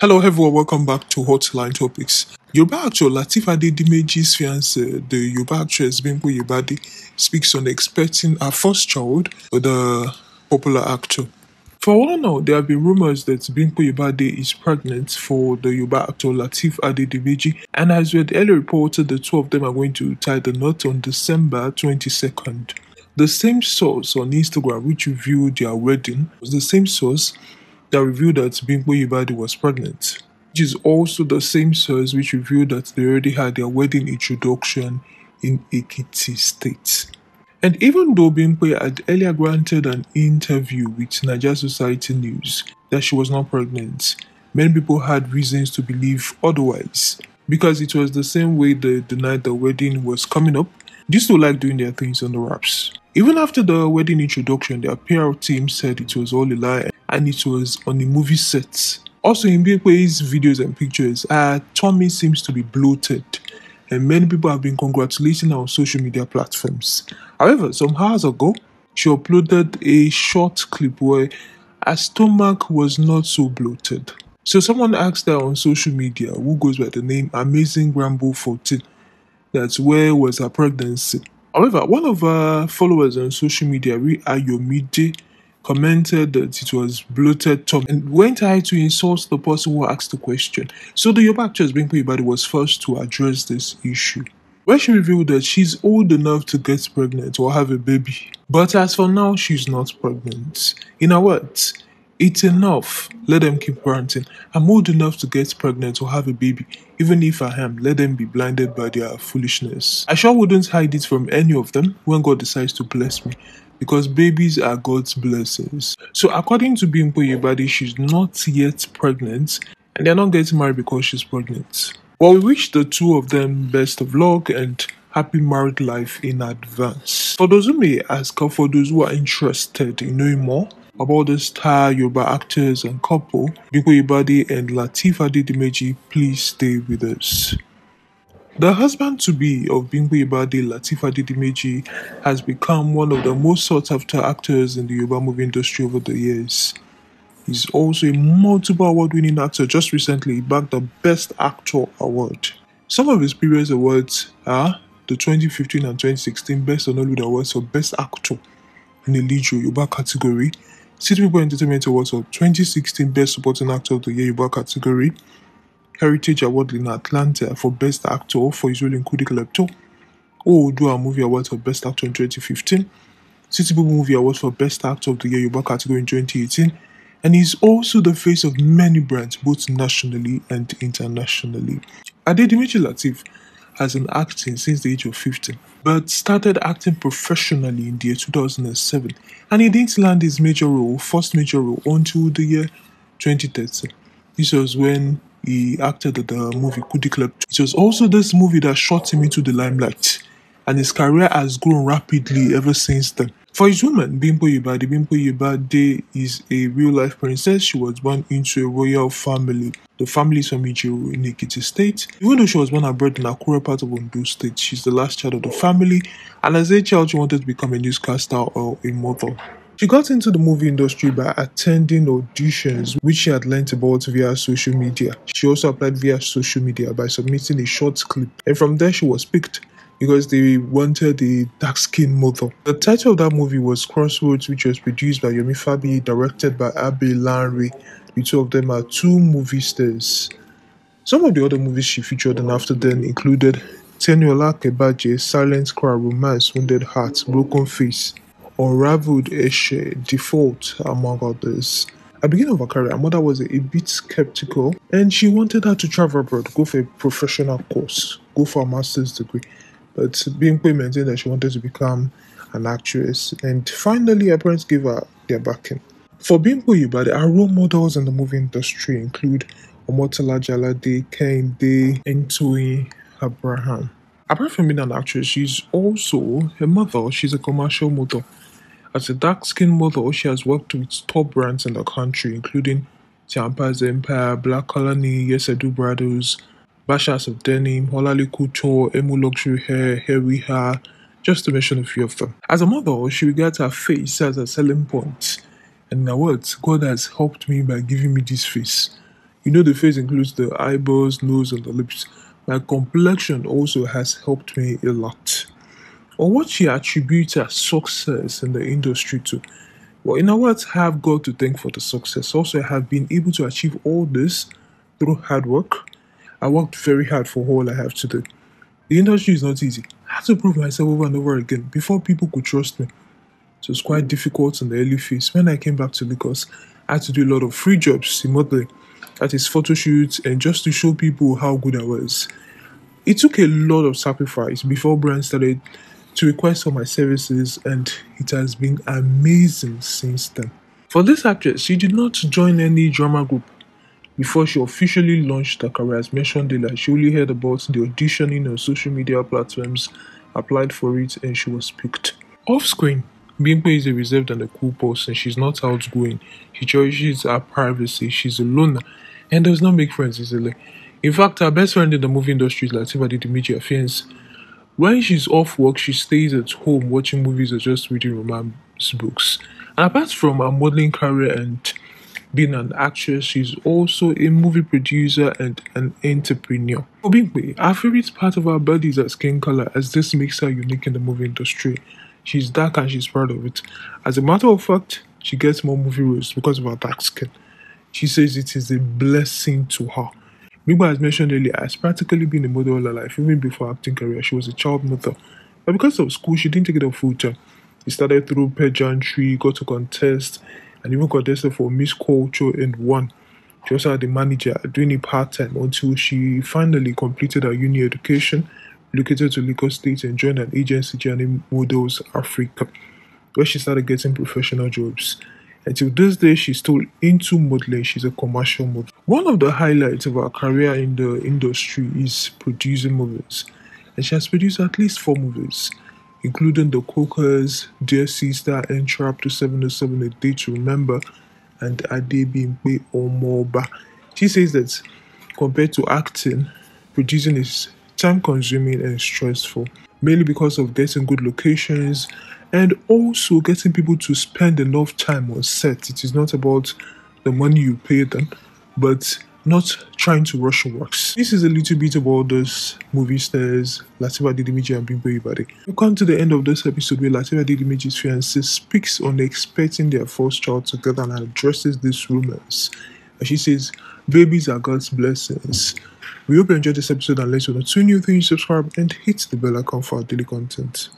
Hello everyone, welcome back to Hotline Topics. Yoruba actor Latif Adedimeji's fiancée, the Yoruba actress Bimbo Yubadi, speaks on expecting her first child with the popular actor. For all now, there have been rumors that Bimbo Yubadi is pregnant for the Yoruba actor Latif Adedimeji, and as we had earlier reported, the two of them are going to tie the knot on December 22nd. The same source on Instagram which reviewed their wedding was the same source that revealed that Bimpo Yubadi was pregnant, which is also the same source which revealed that they already had their wedding introduction in Ekiti State. And even though Bimbo had earlier granted an interview with Niger Society News that she was not pregnant, many people had reasons to believe otherwise because it was the same way they denied the wedding was coming up. they still like doing their things on the wraps. Even after the wedding introduction, their PR team said it was all a lie and it was on the movie set. Also, in Mbekwe's videos and pictures, Tommy seems to be bloated, and many people have been congratulating her on social media platforms. However, some hours ago, she uploaded a short clip where her stomach was not so bloated. So someone asked her on social media, who goes by the name Amazing Rambo 14, that where was her pregnancy. However, one of her followers on social media, Ayomide, commented that it was bloated tongue and went high to insult the person who asked the question. So the Yoruba actress Binko Ibadi was first to address this issue where she revealed that she's old enough to get pregnant or have a baby. But as for now, she's not pregnant. In her words, it's enough. Let them keep parenting. I'm old enough to get pregnant or have a baby. Even if I am, let them be blinded by their foolishness. I sure wouldn't hide it from any of them when God decides to bless me because babies are God's blessings. So, according to Bimpo Yebade, she's not yet pregnant and they're not getting married because she's pregnant. Well, we wish the two of them best of luck and happy married life in advance. For those who may ask, or for those who are interested in knowing more about the star Yoruba actors and couple, Bimpo Yebade and Latifa Adedimeji, please stay with us. The husband-to-be of Bimpe Ibade, Lateef Adedimeji, has become one of the most sought-after actors in the Yoruba movie industry over the years. He's also a multiple award-winning actor. Just recently, he bagged the Best Actor award. Some of his previous awards are the 2015 and 2016 Best Honolulu Awards for Best Actor in the Lead Yoruba category, City People Entertainment Awards for 2016 Best Supporting Actor of the Year Yoruba category, Heritage Award in Atlanta for Best Actor for his role in Who will do Oodua Movie Award for Best Actor in 2015, City Movie Award for Best Actor of the Year Yoruba category in 2018, and he's also the face of many brands both nationally and internationally. Adedimeji Latif has been acting since the age of 15, but started acting professionally in the year 2007, and he didn't land his major role, first major role, until the year 2013. This was when he acted in the movie Kudi Club. It was also this movie that shot him into the limelight, and his career has grown rapidly ever since then. For his woman, Bimpo Yubade, Bimpo Yubade is a real life princess. She was born into a royal family. The family is from Ijeru in Ekiti State. Even though she was born and bred in Akure, part of Ondo State, she's the last child of the family. And as a child, she wanted to become a newscaster or a model. She got into the movie industry by attending auditions, which she had learnt about via social media. She also applied via social media by submitting a short clip, and from there, she was picked because they wanted a dark skinned mother. The title of that movie was Crossroads, which was produced by Yomi Fabi, directed by Abe Lanre. The two of them are two movie stars. Some of the other movies she featured in After Then included Tenyola Kebaje, Silent Cry, Romance, Wounded Heart, Broken Face, or Eshe, Default, among others. At the beginning of her career, her mother was a bit skeptical and she wanted her to travel abroad, go for a professional course, go for a master's degree. But being maintained that she wanted to become an actress, and finally, her parents gave her their backing. For Bimpo Yubade, our role models in the movie industry include Omotola Jalade, Kehinde, Ntui Abraham. Apart from being an actress, she's also a mother. She's a commercial model. As a dark-skinned model, she has worked with top brands in the country, including Tiampa's Empire, Black Colony, Do Brothers, Bashas of Denim, Holali Couture, Emu Luxury Hair, Hair Hair, just to mention a few of them. As a model, she regards her face as a selling point. And in her words, God has helped me by giving me this face. You know, the face includes the eyebrows, nose, and the lips. My complexion also has helped me a lot or what she attributes her success in the industry to. Well, in our words, have God to thank for the success. Also, I have been able to achieve all this through hard work. I worked very hard for all I have today. The industry is not easy. I had to prove myself over and over again before people could trust me. So it's quite difficult in the early phase. When I came back to Lagos, I had to do a lot of free jobs remotely, that is photo shoots and just to show people how good I was. It took a lot of sacrifice before brands started to request for my services, and it has been amazing since then. For this actress, she did not join any drama group before she officially launched her career. As mentioned earlier, she only heard about the auditioning on social media platforms, applied for it, and she was picked. Off screen, Bimpe is a reserved and a cool person. She's not outgoing. She cherishes her privacy. She's a loner and does not make friends easily. In fact, her best friend in the movie industry is Latifa Didimiji Afiance. When she's off work, she stays at home watching movies or just reading romance books. And apart from her modeling career and being an actress, she's also a movie producer and an entrepreneur. Obingwe, our favorite part of our body is her skin color, as this makes her unique in the movie industry. She's dark and she's proud of it. As a matter of fact, she gets more movie roles because of her dark skin. She says it is a blessing to her. Migba, has mentioned earlier, has practically been a model all her life, even before acting career. She was a child mother. But because of school, she didn't take it up full time. She started through pageantry, got to contest, and even contested for Miss Culture and won. She also had a manager doing it part time until she finally completed her uni education, relocated to Lagos State, and joined an agency journey Models Africa, where she started getting professional jobs. Until this day, she's still into modeling. She's a commercial model. One of the highlights of her career in the industry is producing movies, and she has produced at least four movies, including The Cokers, Dear Sister, and Trap to 707 A Day to Remember, and Adebimpe Omoba. She says that compared to acting, producing is time consuming and stressful, mainly because of getting good locations and also getting people to spend enough time on set. It is not about the money you pay them but not trying to rush works. This is a little bit about those movie stars Latifa Didimiji and Bimbo Ibade. We come to the end of this episode where Latifa Didimiji's fiancé speaks on expecting their first child together and addresses these rumors. And she says, Babies are God's blessings. We hope you enjoyed this episode and let us know two new things, subscribe and hit the bell icon for our daily content.